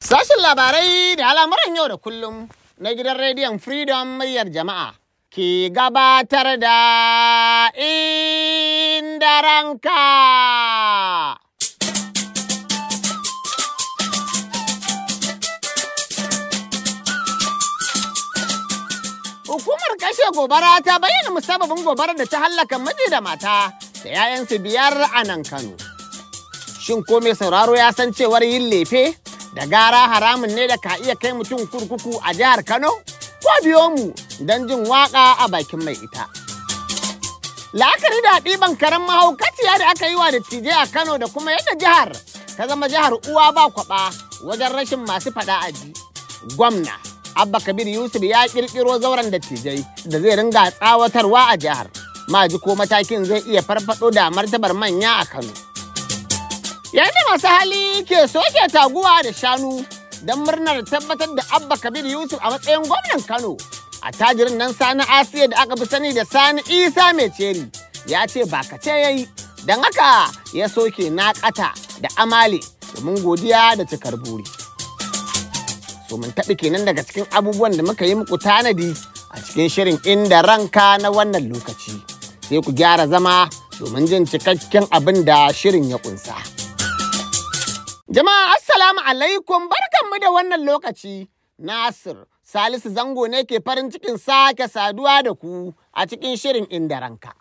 Sashen labarai da al'amuran yau da kullum na gidan rediyon Freedom muryar jama'a ke gabatar da indaranka. Hukumar kashe gobara ta bayyana musababin gobarar da ta hallaka miji da mata da 'ya'yansu biyar a nan Kano. Shin ko mai sauraro ya san cewar yin lefe? da gara haramun ne da ka iya kai mutum kurkuku a jihar Kano? Ko biyo mu don jin waƙa a bakin mai ita. La'akari da ɗiban karen mahaukaciya da aka yi wa dattijai a Kano da kuma yadda jihar ta zama jihar uwa ba kwaɓa wajen rashin masu faɗa aji. Gwamna Abba Kabir Yusuf ya ƙirƙiro zauren dattijai da zai ringa tsawatarwa a jihar. ma ji ko matakin zai iya farfaɗo da martabar manya a Kano. Yadda masu hali ke soke taguwa da shanu don murnar tabbatar da Abba Kabir Yusuf a matsayin gwamnan Kano. A tajirin nan Sani Asiya da aka fi sani da Sani Isa mai ceri ya ce ba ka kace yayi don haka ya soke na kata da amale domin godiya da cikar buri. So mun taɓi kenan daga cikin abubuwan da muka yi muku tanadi a cikin shirin inda ranka na wannan lokaci. Sai ku gyara zama domin jin cikakken abin da shirin ya ƙunsa. Jama'a Assalamu alaikum barkanmu da wannan lokaci. Nasir Salisu Zango ne ke farin cikin sake saduwa da ku a cikin shirin inda ranka.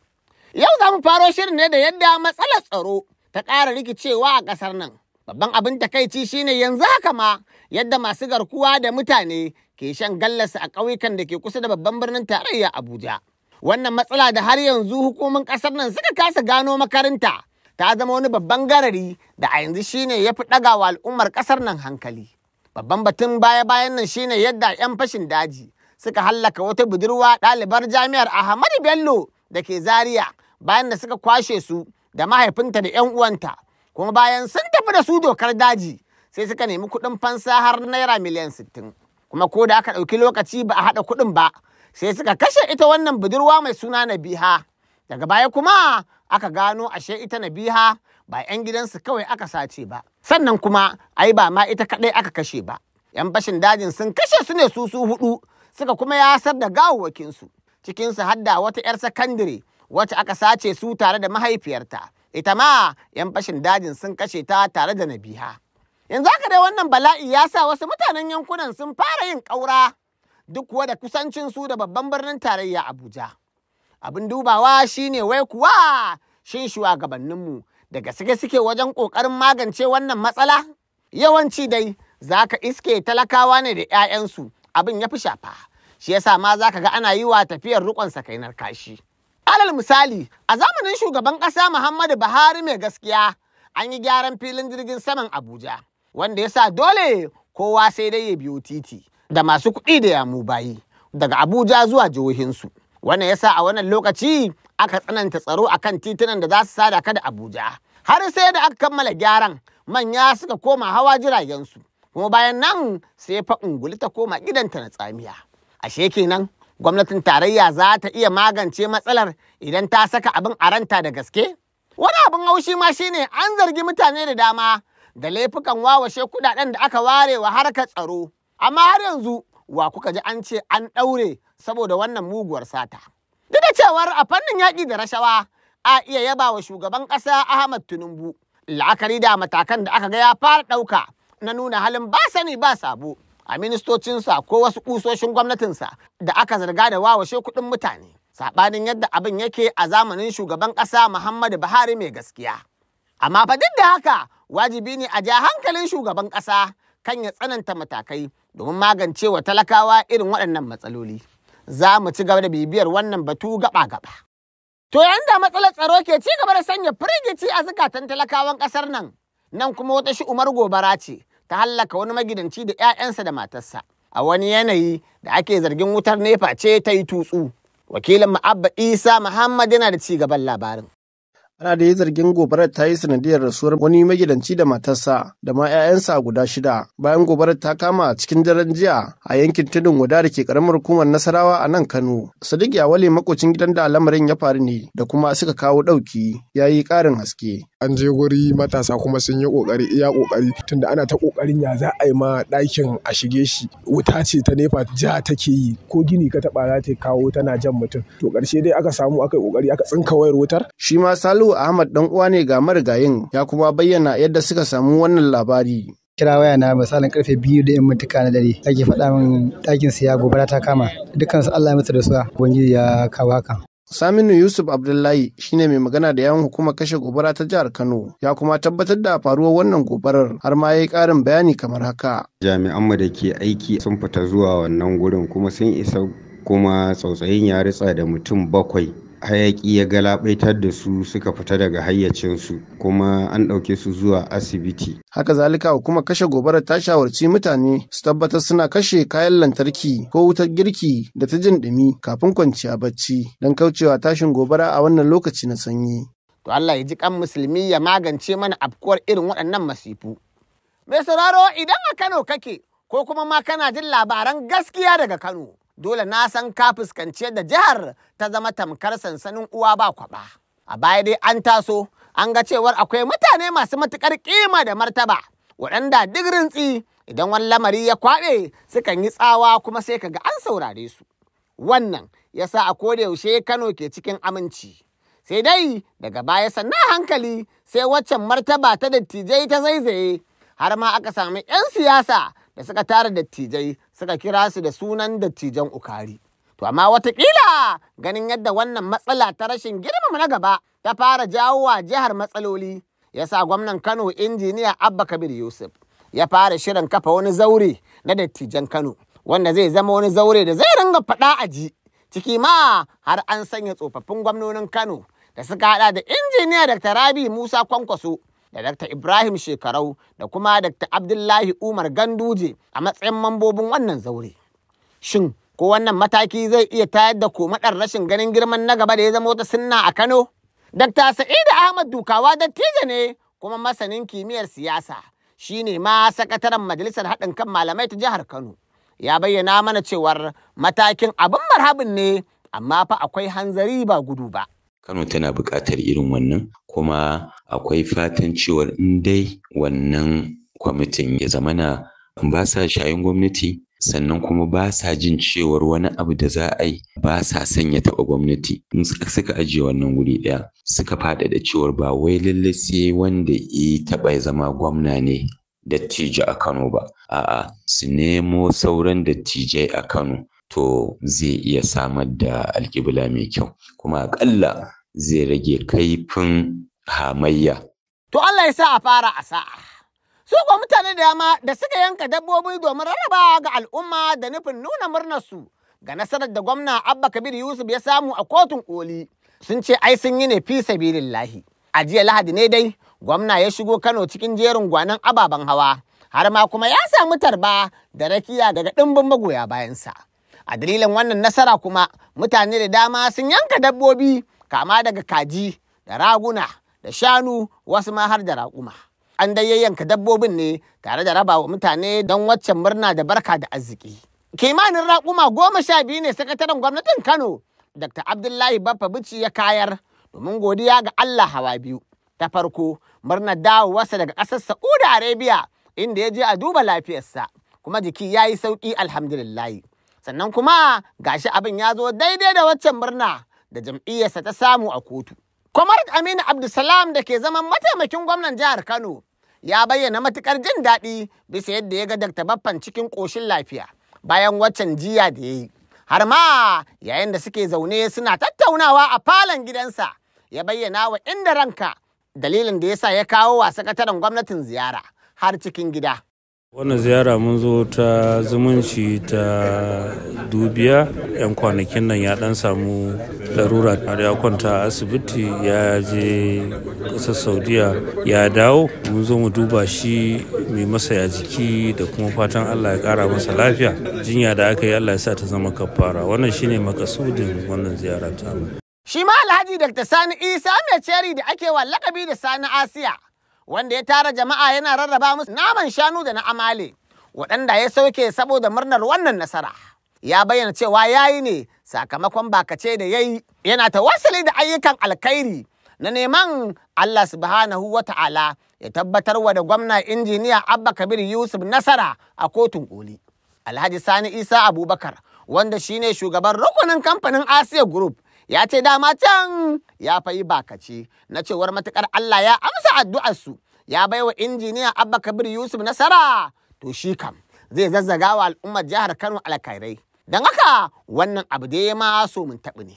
Yau za mu faro shirin ne da yadda matsalar tsaro ta ƙara rikicewa a ƙasar nan. Babban abin takaici shine yanzu haka ma yadda masu garkuwa da mutane ke shan gallasa a ƙauyukan da ke kusa da babban birnin tarayya Abuja. Wannan matsala da har yanzu hukumin ƙasar nan suka kasa gano makaranta ta zama wani babban garari da a yanzu shine ya fi ɗaga wa al'ummar ƙasar nan hankali. Babban batun baya-bayan nan shine yadda 'yan fashin daji suka hallaka wata budurwa ɗalibar jami'ar Ahmadu Bello da ke Zaria bayan da suka kwashe su da mahaifinta da 'yan uwanta. Kuma bayan sun tafi da su dokar daji sai suka nemi kuɗin fansa har naira miliyan sittin. Kuma ko da aka ɗauki lokaci ba a haɗa kuɗin ba sai suka kashe ita wannan budurwa mai suna Nabiha. Daga baya kuma aka gano ashe ita Nabiha ba 'yan gidansu kawai aka sace ba. Sannan kuma ai ba ma ita kaɗai aka kashe ba. 'Yan bashin dajin sun kashe su ne su su hudu suka kuma yasar da gawawwakinsu. Cikinsu hadda wata 'yar sakandire wacce aka sace su tare da mahaifiyarta. Ita ma 'yan bashin dajin sun kashe ta tare da Nabiha. Yanzu haka dai wannan bala'i ya sa wasu mutanen yankunan sun fara yin ƙaura duk kuwa da kusancin su da babban birnin tarayya Abuja. abin dubawa shine wai kuwa shin shugabanninmu da gaske suke wajen ƙoƙarin magance wannan matsala yawanci dai za ka iske talakawa ne da 'ya'yansu abin ya fi shafa shi yasa ma za ka ga ana yi wa tafiyar rukon sakainar kashi alal misali a zamanin shugaban ƙasa muhammadu buhari mai gaskiya an yi gyaran filin jirgin saman abuja wanda ya sa dole kowa sai dai ya biyo titi da masu kuɗi da yamu bayi daga abuja zuwa jihohinsu Wannan yasa a wannan lokaci aka tsananta tsaro a kan titunan da za su sada kada Abuja. Har sai da aka kammala gyaran manya suka koma hawa jiragensu. Kuma bayan nan sai fa unguli ta koma gidanta na tsamiya. Ashe kenan gwamnatin tarayya za ta iya magance matsalar idan ta saka abin a ranta da gaske? Wani abin haushi ma shine an zargi mutane da dama da laifukan wawashe kudaden da aka ware wa harkar tsaro. Amma har yanzu wa kuka ji an ce an ɗaure saboda wannan muguwar sata. Duk da cewar a fannin yaƙi da rashawa a iya yaba wa shugaban ƙasa Ahmad Tinubu la'akari da matakan da aka ga ya fara ɗauka na nuna halin ba sani ba sabo a ministocinsa ko wasu ƙusoshin gwamnatinsa da aka zarga da wawashe kuɗin mutane. Saɓanin yadda abin yake a zamanin shugaban ƙasa Muhammadu Buhari mai gaskiya. Amma fa duk da haka wajibi ne a ja hankalin shugaban ƙasa kan ya tsananta matakai domin magance wa talakawa irin waɗannan matsaloli. Za mu ci gaba da bibiyar wannan batu gaba-gaba. To yanda matsalar tsaro ke ci gaba da sanya firgici a zukatan talakawan ƙasar nan, nan kuma wata shi Umar gobara ce ta hallaka wani magidanci da 'ya'yansa da matarsa. A wani yanayi da ake zargin wutar nefa ce ta yi tutsu. Wakilin Ma'abba Isa Muhammad yana da ci gaban labarin. ana da zargin gobarar ta yi sanadiyar rasuwar wani magidanci da matarsa da ma 'ya'yansa guda shida bayan gobarar ta kama a cikin daren jiya a yankin tudun guda da ke karamar hukumar nasarawa a nan kano sadiq yawale makocin gidan da lamarin ya faru ne da kuma suka kawo ɗauki ya yi ƙarin haske an je wuri matasa kuma sun yi ƙoƙari iya ƙoƙari tunda ana ta ƙoƙarin ya za a yi ma ɗakin a shige shi wuta ce ta nefa ja take yi ko gini ka taɓa za ta kawo tana jan mutum to ƙarshe dai aka samu aka yi ƙoƙari aka tsinka wayar wutar shi ma salu Salihu Ahmad dan uwa ne ga marigayin ya kuma bayyana yadda suka samu wannan labari. kira waya na misalin karfe biyu da yan mintuka na dare ake faɗa min ɗakin siya gobara ta kama su Allah ya mutu da su ubangiji ya kawo hakan Saminu Yusuf Abdullahi shine mai magana da yawan hukumar kashe gobara ta jihar Kano ya kuma tabbatar da faruwar wannan gobarar har ma ya yi ƙarin bayani kamar haka. Jami'anmu da ke aiki sun fita zuwa wannan gurin kuma sun isa kuma tsautsayin ya ritsa da mutum bakwai hayaƙi ya galabaitar da su suka fita daga hayyacinsu kuma an ɗauke su zuwa asibiti. Haka zalika kuma kashe gobarar ta shawarci mutane su tabbatar suna kashe kayan lantarki ko wutar girki da ta jin ɗumi kafin kwanciya bacci don kaucewa tashin gobara a wannan lokaci na sanyi. To Allah ya ji kan musulmi ya magance mana afkuwar irin waɗannan masifu. Mai sauraro idan a Kano kake ko kuma ma kana jin labaran gaskiya daga Kano. dole na san ka fuskanci yadda jihar ta zama tamkar sansanin uwa ba kwaba. A baya dai an taso an ga cewar akwai mutane masu matuƙar ƙima da martaba waɗanda duk rintsi idan wani lamari ya kwaɓe sukan yi tsawa kuma sai ka ga an saurare su. Wannan ya sa a yaushe Kano ke cikin aminci. Sai dai daga baya sannan hankali sai waccan martaba ta dattijai ta zaizaye har ma aka sami 'yan siyasa da suka tara dattijai suka kira su da sunan dattijan ukari. To amma wataƙila, ganin yadda wannan matsala ta rashin girmama na gaba ta fara jawo wa jihar matsaloli ya sa gwamnan Kano injiniya Abba Kabir Yusuf ya fara shirin kafa wani zaure na dattijan Kano wanda zai zama wani zaure da zai ringa faɗa a ji ciki ma har an sanya tsofaffin gwamnonin Kano da suka haɗa da injiniya Dr. Rabi Musa Kwankwaso da Dr. Ibrahim Shekarau da kuma Dr. Abdullahi Umar Ganduje a matsayin mambobin wannan zaure. Shin ko wannan mataki zai iya tayar da komadar rashin ganin girman na gaba da ya zama wata sunna a Kano? Dr. Sa'idu Ahmad Dukawa dattijo ne kuma masanin kimiyyar siyasa shi ne ma sakataren majalisar haɗin kan malamai ta jihar Kano. Ya bayyana mana cewar matakin abin marhabin ne amma fa akwai hanzari ba gudu ba. Kano tana buƙatar irin wannan kuma akwai fatan cewar in dai wannan kwamitin ya zamana ba sa shayin gwamnati sannan kuma ba sa jin cewar wani abu da za a yi ba sa sanya taɓa gwamnati in suka ajiye wannan wuri ɗaya suka faɗaɗa cewar ba wai lallai sai wanda ya taɓa zama gwamna ne dattijo a Kano ba a'a su nemo sauran dattijai a Kano to zai iya samar da alƙibla mai kyau kuma aƙalla zai rage kaifin hamayya. To Allah ya sa a fara a sa'a. Su kuwa mutane da dama da suka yanka dabbobi domin rarraba ga al'umma da nufin nuna murnar su ga nasarar da gwamna Abba Kabir Yusuf ya samu a kotun koli sun ce ai sun yi ne fi sabilillahi. A jiya Lahadi ne dai gwamna ya shigo Kano cikin jerin gwanan ababen hawa har ma kuma ya samu tarba da rakiya daga ɗimbin magoya bayansa. a dalilin wannan nasara kuma mutane da dama sun yanka dabbobi kama daga kaji da raguna da shanu wasu ma har da raƙuma an dai yayyanka dabbobin ne tare da raba wa mutane don waccan murna da barka da arziki kimanin raƙuma goma sha biyu ne sakataren gwamnatin kano dr abdullahi baffa bici ya kayar domin godiya ga allah hawa biyu ta farko murnar dawowarsa daga ƙasar saudi arabia inda ya je a duba lafiyarsa kuma jiki ya yi sauƙi alhamdulillahi sannan kuma ga shi abin ya zo daidai da waccan murna da jam'iyyarsa ta samu a kotu. Kwamar Aminu Abdulsalam da ke zaman mataimakin gwamnan jihar Kano ya bayyana matukar jin daɗi bisa yadda ya ga Dr. Baffan cikin ƙoshin lafiya bayan waccan jiya da ya yi. Har ma yayin da suke zaune suna tattaunawa a falon gidansa ya bayyana wa inda ranka dalilin da ya sa ya kawo wa sakataren gwamnatin ziyara har cikin gida. wannan ziyara mun zo ta zumunci ta dubiya yan kwanakin nan ya dan samu larura ya kwanta a asibiti ya je kasar saudiya ya dawo mun zo mu duba shi mai masa ya jiki da kuma fatan allah ya kara masa lafiya jinya da aka yi allah ya sa ta zama kafara wannan shine makasudin wannan ziyara ta shi ma alhaji dr sani isa mai ceri da ake wa lakabi da sani asiya wanda ya tara jama'a yana rarraba musu naman shanu da na amale waɗanda ya sauke saboda murnar wannan nasara ya bayyana cewa ya yi ne sakamakon bakace da ya yi yana wasali da ayyukan alkhairi na neman Allah subhanahu wa ta'ala ya tabbatar wa da gwamna injiniya Abba Kabir Yusuf nasara a kotun koli. Alhaji Sani Isa Abubakar wanda shine shugaban rukunin kamfanin Asia Group ya ce dama can ya fayi bakaci na cewar matukar Allah ya amsa addu'arsu ya baiwa injiniya Abba Kabir Yusuf nasara to shi kam zai zazzaga wa al'ummar jihar Kano alkairai don haka wannan abu dai ma so mun taɓi ne.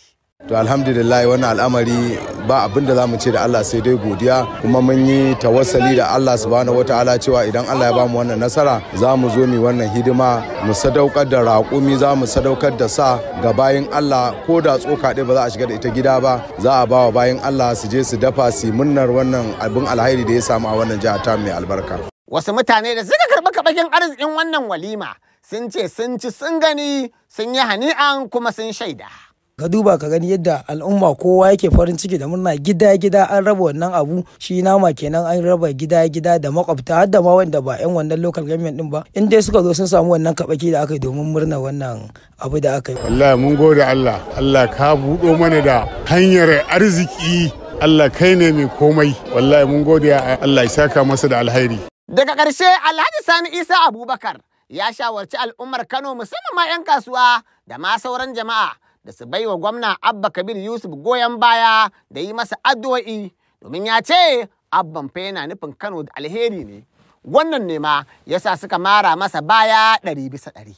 To alhamdulillah wannan al'amari ba abin da zamu ce da Allah sai dai godiya kuma mun yi tawassali da Allah subhanahu wataala cewa idan Allah ya bamu wannan nasara za mu zo mu wannan hidima mu sadaukar da raƙumi za sadaukar da sa ga bayin Allah ko da tsoka ɗaya ba za a shiga da ita gida ba za a bawa bayin Allah su je su dafa su munnar wannan abin alhairi da ya samu a wannan jiha ta mai albarka. Wasu mutane da suka karɓi kaɓakin arzikin wannan walima sun ce sun ci sun gani sun yi hani'an kuma sun shaida. ka duba ka gani yadda al'umma kowa yake farin ciki da murna gida gida an raba wannan abu shi nama kenan an raba gida gida da makwabta har da ma wanda ba yan wannan local government din ba in dai suka zo sun samu wannan kabaki da aka yi domin murna wannan abu da aka yi wallahi mun gode Allah Allah ka buɗo mana da hanyar arziki Allah kai ne mai komai wallahi mun gode Allah ya saka masa da alheri. daga karshe Alhaji Sani Isa Abubakar ya shawarci al'ummar Kano musamman ma 'yan kasuwa da ma sauran jama'a da su baiwa gwamna Abba Kabir Yusuf goyon baya da yi masa addu'o'i domin ya ce abban fa yana nufin Kano da alheri ne. Wannan ne ma yasa suka mara masa baya ɗari bisa ɗari.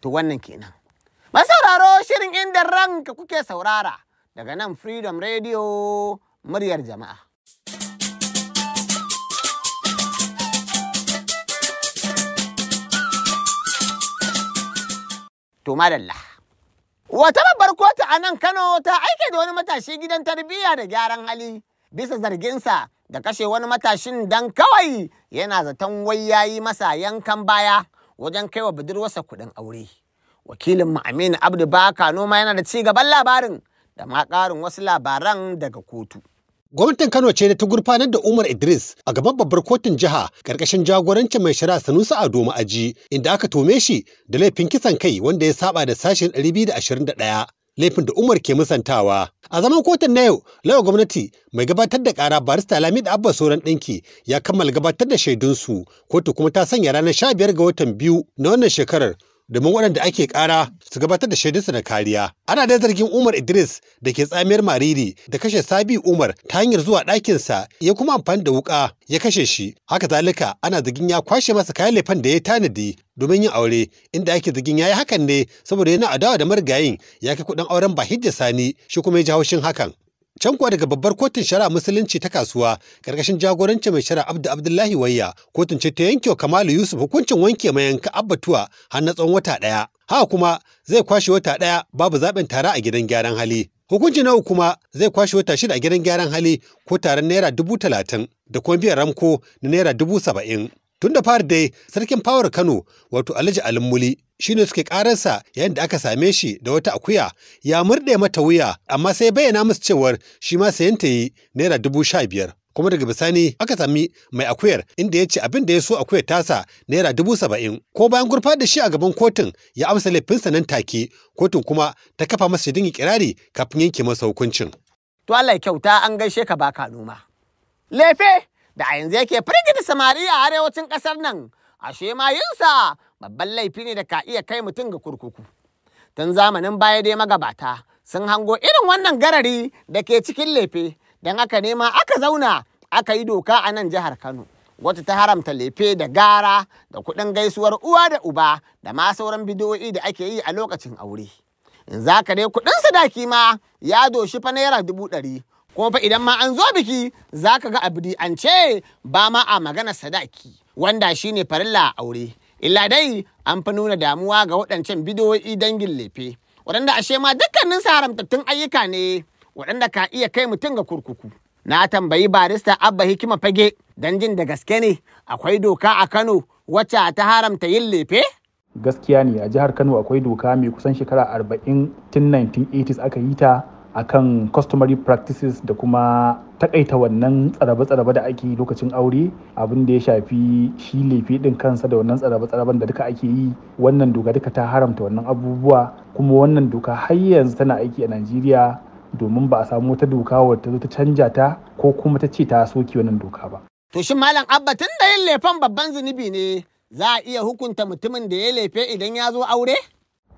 To wannan kenan. Masauraro shirin inda ranka kuke saurara daga nan Freedom Radio muryar jama'a. To madalla. Wata babbar kotu a nan Kano ta aike da wani matashi gidan tarbiyya da gyaran hali bisa zarginsa da kashe wani matashin dan kawai yana zaton wai yayi masa yankan baya wajen kaiwa budurwarsa kuɗin aure. Wakilin Ma'aminu Aminu Abdu Baka noma yana da ci gaban labarin da ma ƙarin wasu labaran daga kotu. Gwamnatin Kano ce ta gurfanar da Umar Idris a gaban babbar kotun jiha karkashin jagorancin mai shari'a Sanusi Ado Ma'aji inda aka tome shi da laifin kisan kai wanda ya saba da sashen 221 laifin da Umar ke musantawa. A zaman kotun na yau, lawa gwamnati mai gabatar da ƙara, barista Lamid Abba Soran ɗinki ya kammala gabatar da shaidunsu kotu kuma ta sanya ranar 15 ga watan biyu na wannan shekarar domin waɗanda ake ƙara su gabatar da shaidunsu na kariya. Ana da zargin Umar Idris da ke tsamiyar Mariri da kashe Sabi Umar ta hanyar zuwa ɗakinsa ya kuma amfani da wuƙa ya kashe shi. Haka zalika ana zargin ya kwashe masa kayan laifin da ya tanadi domin yin aure inda ake zargin ya yi hakan ne saboda yana adawa da marigayin ya kai kuɗin auren Bahijja Sani shi kuma ya ji haushin hakan. Can kuwa daga babbar kotun shari'a musulunci ta kasuwa ƙarƙashin jagoranci mai shari'a Abdu Abdullahi Wayya kotun ce ta yanke Kamalu Yusuf hukuncin wanke yanka abbatuwa har na tsawon wata ɗaya. Haka kuma zai kwashe wata ɗaya babu zaɓin tara a gidan gyaran hali. Hukunci na kuma zai kwashe wata shida a gidan gyaran hali ko taron naira dubu talatin da kuma biyan ramko na naira dubu saba'in. Tun da fara dai sarkin fawar Kano wato Alhaji alimuli shi ne suke karansa yayin da aka same shi da wata akuya ya murɗe mata wuya amma sai bayyana musu cewar shi ma sayan ta yi naira dubu sha biyar. kuma daga bisani aka sami mai akuyar inda ya ce abin da ya so akuyar tasa naira dubu saba'in ko bayan gurfa da shi a gaban kotun ya amsa laifinsa nan take kotun kuma ta kafa masa shaidun kirari kafin yanke masa hukuncin. to Allah kyauta an gaishe ka baka noma. lefe da a yanzu yake firgita samari a arewacin ƙasar nan ashe ma yinsa babban laifi ne da ka iya kai mutum ga kurkuku tun zamanin baya dai magabata sun hango irin wannan garari da ke cikin lefe don aka nema aka zauna aka yi doka a nan jihar kano wata ta haramta lefe da gara da kuɗin gaisuwar uwa da uba da ma sauran bidiyo'i da ake yi a lokacin aure in za ka dai kuɗin sadaki ma ya doshi fa naira dubu ɗari kuma fa idan ma an zo biki za ka ga abdi an ce ba ma a magana sadaki wanda shine farilla a aure illa dai an fi nuna damuwa ga waɗancan bidiyoyi dangin lefe waɗanda ashe ma dukkanin haramtattun ayyuka ne waɗanda ka iya kai mutum ga kurkuku na tambayi barista abba hikima fage don jin da gaske ne akwai doka a kano wacce ta haramta yin lefe gaskiya ne a jihar kano akwai doka mai kusan shekara 40 tun 1980s aka yi ta akan customary practices da kuma takaita wannan tsarabe-tsarabe da ake yi lokacin aure abin da ya shafi shi lefe din kansa da wannan tsarabe-tsaraben da duka ake yi wannan doka duka ta haramta wannan abubuwa kuma wannan doka har yanzu tana aiki a najeriya domin ba a samu wata doka wadda ta canja ta ko kuma ta ce ta soke wannan doka ba. to shi malam abba tun da yin lefen babban zunubi ne za a iya hukunta mutumin da ya lefe idan ya zo aure?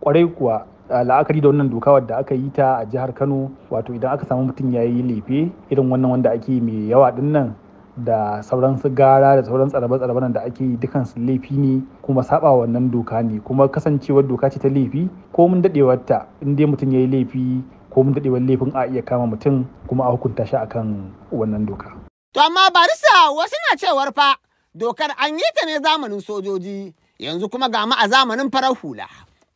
kwarai kuwa la'akari da wannan doka wadda aka yi ta a jihar kano wato idan aka samu mutum ya yi lefe irin wannan wanda ake mai yawa dinnan da sauran su gara da sauran tsarabe-tsarabe da ake yi dukan su laifi ne kuma saba wannan doka ne kuma kasancewar doka ce ta laifi ko mun ta in dai mutum ya yi laifi ko mun dadewar laifin a iya kama mutum kuma a hukunta shi akan wannan doka. To amma barisa wasu na cewar fa dokar an yi ta ne zamanin sojoji yanzu kuma ga mu a zamanin farar hula.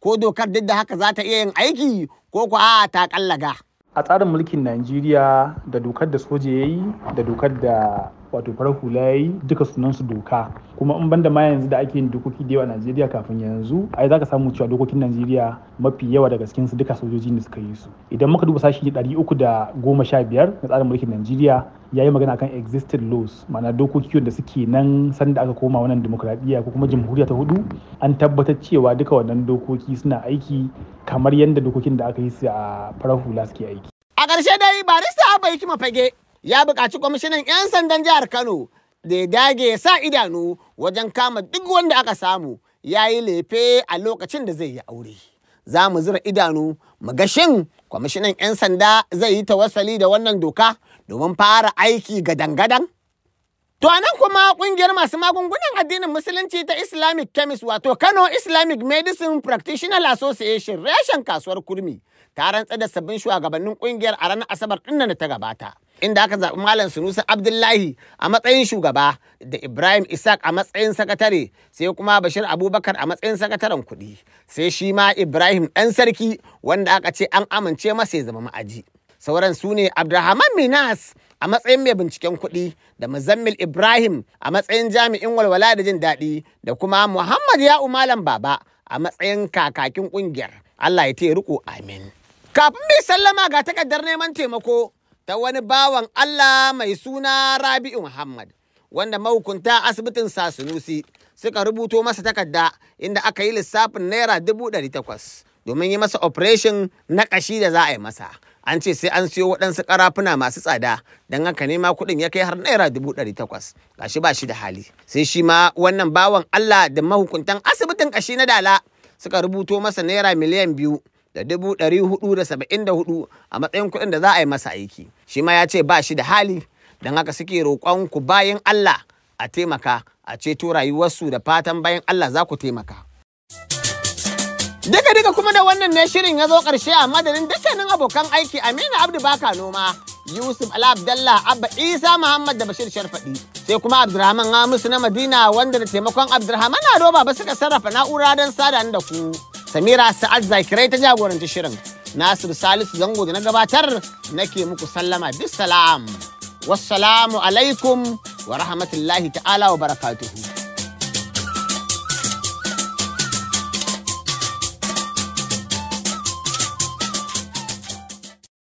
ko dokar duk da haka za ta iya yin aiki ko ku a ta kallaga. a tsarin mulkin najeriya da dokar da soja ya yi da dokar da wato farar hula ya yi duka sunansu doka kuma in banda ma yanzu da ake yin dokoki da yawa a Najeriya kafin yanzu ai za ka samu cewa dokokin Najeriya mafi yawa daga cikin su duka sojoji ne suka yi su idan muka duba sashi ɗari uku da goma sha biyar na tsarin mulkin Najeriya ya yi magana akan existing laws ma'ana dokoki wanda suke nan sanda aka koma wannan demokradiyya ko kuma jamhuriya ta hudu an tabbatar cewa duka wannan dokoki suna aiki kamar yadda dokokin da aka yi su a farar hula suke aiki a ƙarshe dai barista bai kima fage ya buƙaci kwamishinan 'yan sandan jihar Kano da ya dage ya sa idanu wajen kama duk wanda aka samu ya yi lefe a lokacin da zai yi aure. Za mu zira idanu mu ga shin kwamishinan 'yan sanda zai yi tawassali da wannan doka domin fara aiki gadan-gadan? To nan kuma kungiyar masu magungunan addinin musulunci ta Islamic Chemist wato Kano Islamic Medicine Practitioner Association reshen kasuwar kurmi ta rantsa da sabbin shugabannin kungiyar a ranar Asabar ɗin da ta gabata. inda aka zaɓi Malam Sunusi Abdullahi a matsayin shugaba da Ibrahim Isaac a matsayin sakatare sai kuma Bashir Abubakar a matsayin sakataren kuɗi sai shi ma Ibrahim ɗan sarki wanda aka ce an amince masa ya zama ma'aji. Sauran su ne Abdulrahman Minas a matsayin mai binciken kuɗi da Muzammil Ibrahim a matsayin jami'in walwala da jin daɗi da kuma Muhammad Ya'u Malam Baba a matsayin kakakin ƙungiyar. Allah ya te riko amin. Kafin bai sallama ga takardar neman taimako ta wani bawan Allah mai suna Rabi'u Muhammad wanda mahukunta asibitin Sa'sunusi, suka rubuto masa takarda inda aka yi lissafin naira dubu ɗari takwas domin yi masa operation na ƙashi da za a yi masa an ce sai an siyo waɗansu ƙarafuna masu tsada don haka nema kuɗin ya kai har naira dubu ɗari takwas gashi ba shi da hali sai shi ma wannan bawan Allah da mahukuntan asibitin ƙashi na dala suka rubuto masa naira miliyan biyu da dubu ɗari hudu da saba'in da hudu a matsayin kuɗin da za a yi masa aiki shi ma ya ce ba shi da hali don haka suke roƙon ku bayan Allah a taimaka a ceto rayuwarsu da fatan bayan Allah za ku taimaka. Duka duka kuma da wannan ne shirin ya zo ƙarshe a madadin dukkanin abokan aiki Aminu Abdu Baka Noma, Yusuf Ala Abdallah Abba Isa Muhammad da Bashir Sharfaɗi. Sai kuma Abdurrahman Amusu na Madina wanda da taimakon Abdurrahman Ado Baba suka sarrafa na'ura don sada da ku. samira sa'ad zakirai ta jagoranci shirin nasir salisu zango da na gabatar nake muku sallama bisalam wassalamu alaikum wa rahmatullahi ta'ala wa barakatuhu